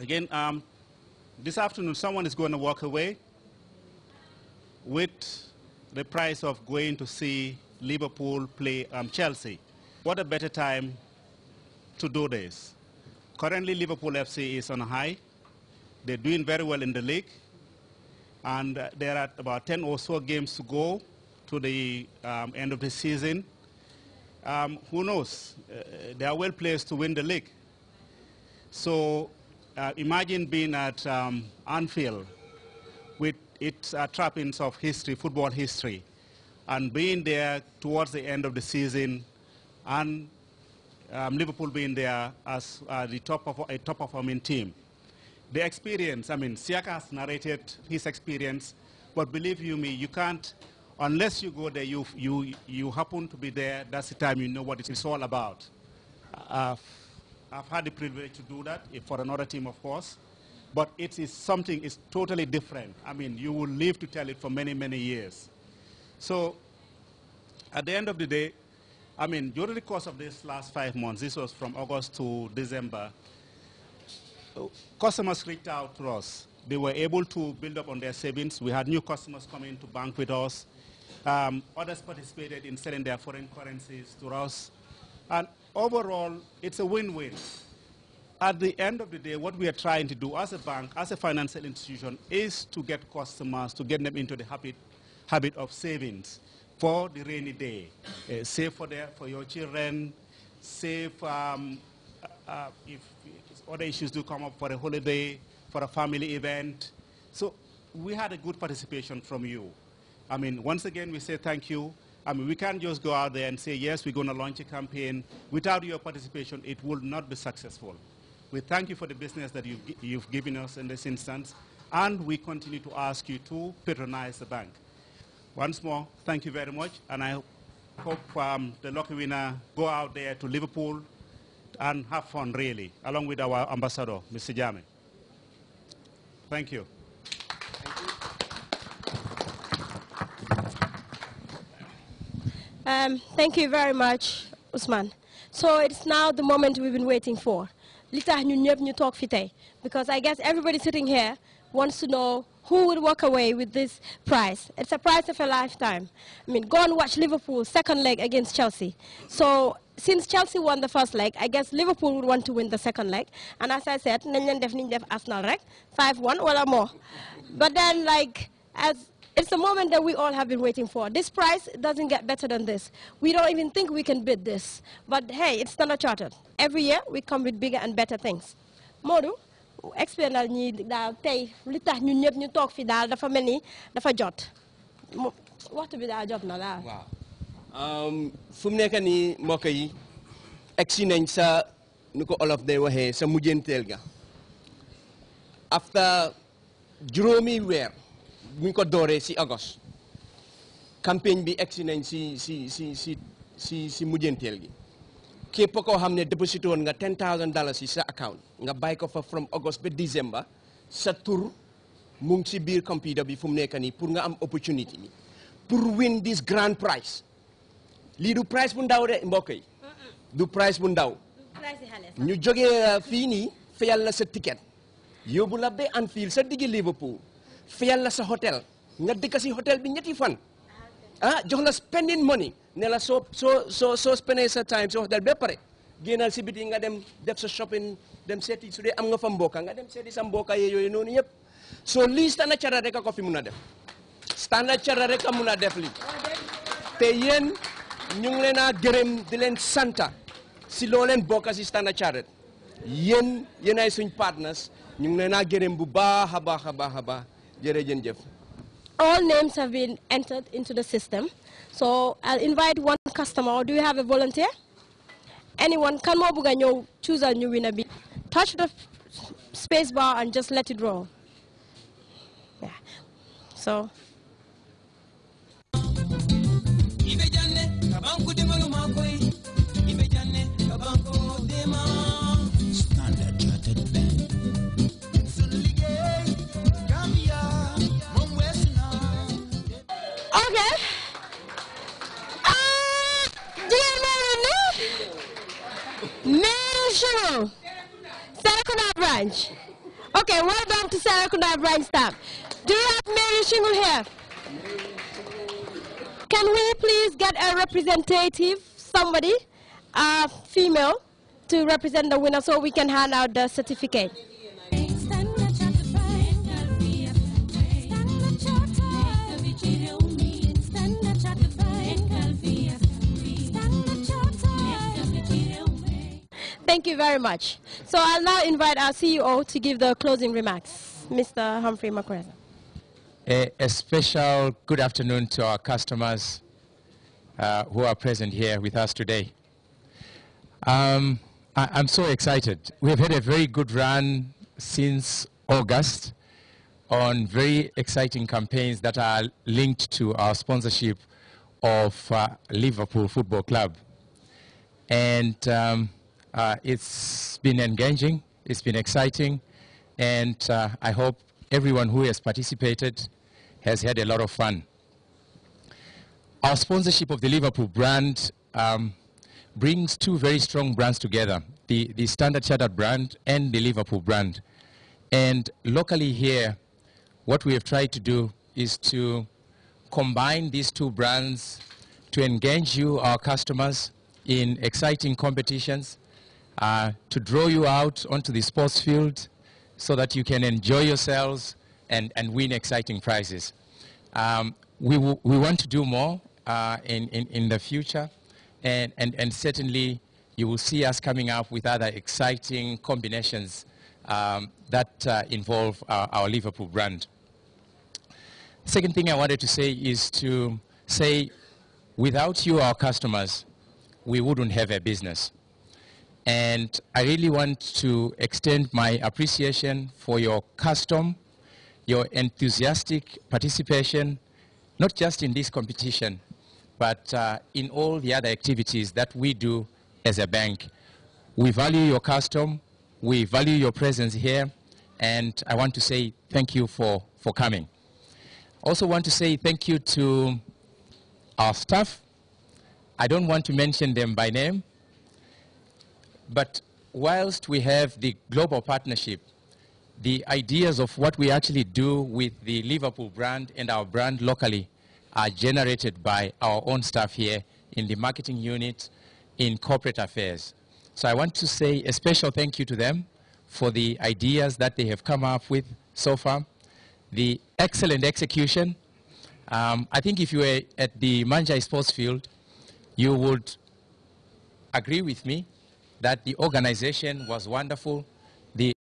Again, um, this afternoon someone is going to walk away with the price of going to see Liverpool play um, Chelsea. What a better time to do this. Currently, Liverpool FC is on high. They're doing very well in the league. And uh, there are about 10 or so games to go to the um, end of the season. Um, who knows? Uh, uh they are well placed to win the league. So uh, imagine being at um, Anfield with its uh, trappings of history, football history, and being there towards the end of the season, and um, Liverpool being there as uh, the top of a top performing team. The experience, I mean, Siaka has narrated his experience, but believe you me, you can't, unless you go there, you, you, you happen to be there, that's the time you know what it's all about. Uh, I've had the privilege to do that eh, for another team, of course. But it is something is totally different. I mean, you will live to tell it for many, many years. So at the end of the day, I mean, during the course of this last five months, this was from August to December, customers reached out to us. They were able to build up on their savings. We had new customers coming to bank with us. Um, others participated in selling their foreign currencies to us. And overall, it's a win-win. At the end of the day, what we are trying to do as a bank, as a financial institution, is to get customers, to get them into the habit, habit of savings for the rainy day. Uh, save for, their, for your children, save um, uh, uh if other issues do come up for a holiday, for a family event. So we had a good participation from you. I mean, once again, we say thank you. I mean, we can't just go out there and say, yes, we're going to launch a campaign. Without your participation, it will not be successful. We thank you for the business that you've, you've given us in this instance, and we continue to ask you to patronize the bank. Once more, thank you very much, and I hope um, the lucky winner go out there to Liverpool and have fun, really, along with our ambassador, Mr. Jame. Thank you. Um, thank you very much, Usman. So it's now the moment we've been waiting for. because I guess everybody sitting here wants to know who will walk away with this prize. It's a prize of a lifetime. I mean, go and watch Liverpool's second leg against Chelsea. So since Chelsea won the first leg, I guess Liverpool would want to win the second leg. And as I said, nañ leen Arsenal 5-1 or more. But then like as it's the moment that we all have been waiting for. This price doesn't get better than this. We don't even think we can bid this. But hey, it's Standard Chartered. Every year, we come with bigger and better things. Modou, explain al ñi daal tey li tax ñun ñëpp ñu toog fi daal dafa mel ni jot waxtu bi daal jot na daal. waaw um, sa nu ko olof day waxee sa after juróomi weer. buñ ko dooree si agos campagne bi egsi nañ si si si si si si mujjanteel gi képp koo xam ne déposité woon nga ten thousand dollars si sa account nga bàyyi ko fa from August ba December sa tur mu ngi si biir computer bi fu mu nekk nii pour nga am opportunity bi pour win this grand prize lii du prize bu ndaw de mbokk yi du prize bu ndaw ñu jógee uh, fii nii fayal la sa ticket yóbbu la ba Anfield sa diggi Liverpool fiyal la sa hotel nga dëkk si hotel bi ñetti fan ah jox la spending money ne la so so so soo spendee sa time so hotel ba pare génnal si biti nga dem def sa shopping dem seeti su dee am nga fa mbokka nga dem seeti sa mbokka yee yooyu noonu yëpp soo lii Standard Chartered rek a ko fi mun a def Standard Chartered rek a mun def lii te yéen ñu ngi leen a di leen santa si loo leen bokka si Standard Chartered yéen yéen suñ partners ñu ngi leen a gërëm bu baax a baax a All names have been entered into the system. So I'll invite one customer. Do you have a volunteer? Anyone? Can mo choose a new winner Be Touch the space bar and just let it roll. Yeah. So branch. Okay, welcome done to Sarakunda branch staff. Do you have Mary Shingle here? Can we please get a representative, somebody, a female, to represent the winner so we can hand out the certificate? Thank you very much. So I'll now invite our CEO to give the closing remarks, Mr. Humphrey Makureza. A, a, special good afternoon to our customers uh, who are present here with us today. Um, I, am so excited. We've had a very good run since August on very exciting campaigns that are linked to our sponsorship of uh, Liverpool Football Club. And um, uh, it's been engaging, it's been exciting, and uh, I hope everyone who has participated has had a lot of fun. Our sponsorship of the Liverpool brand um, brings two very strong brands together, the, the Standard Chartered brand and the Liverpool brand. And locally here, what we have tried to do is to combine these two brands to engage you, our customers, in exciting competitions uh, to draw you out onto the sports field so that you can enjoy yourselves and, and win exciting prizes. Um, we, we want to do more uh, in, in, in the future, and, and, and certainly you will see us coming up with other exciting combinations um, that uh, involve our, our, Liverpool brand. Second thing I wanted to say is to say, without you, our customers, we wouldn't have a business. And I really want to extend my appreciation for your custom, your enthusiastic participation, not just in this competition, but uh, in all the other activities that we do as a bank. We value your custom, we value your presence here, and I want to say thank you for, for coming. Also want to say thank you to our staff. I don't want to mention them by name, but whilst we have the global partnership, the ideas of what we actually do with the Liverpool brand and our brand locally are generated by our own staff here in the marketing unit in corporate affairs. So I want to say a special thank you to them for the ideas that they have come up with so far, the excellent execution. Um, I think if you were at the Manjai Sports Field, you would agree with me that the organization was wonderful. The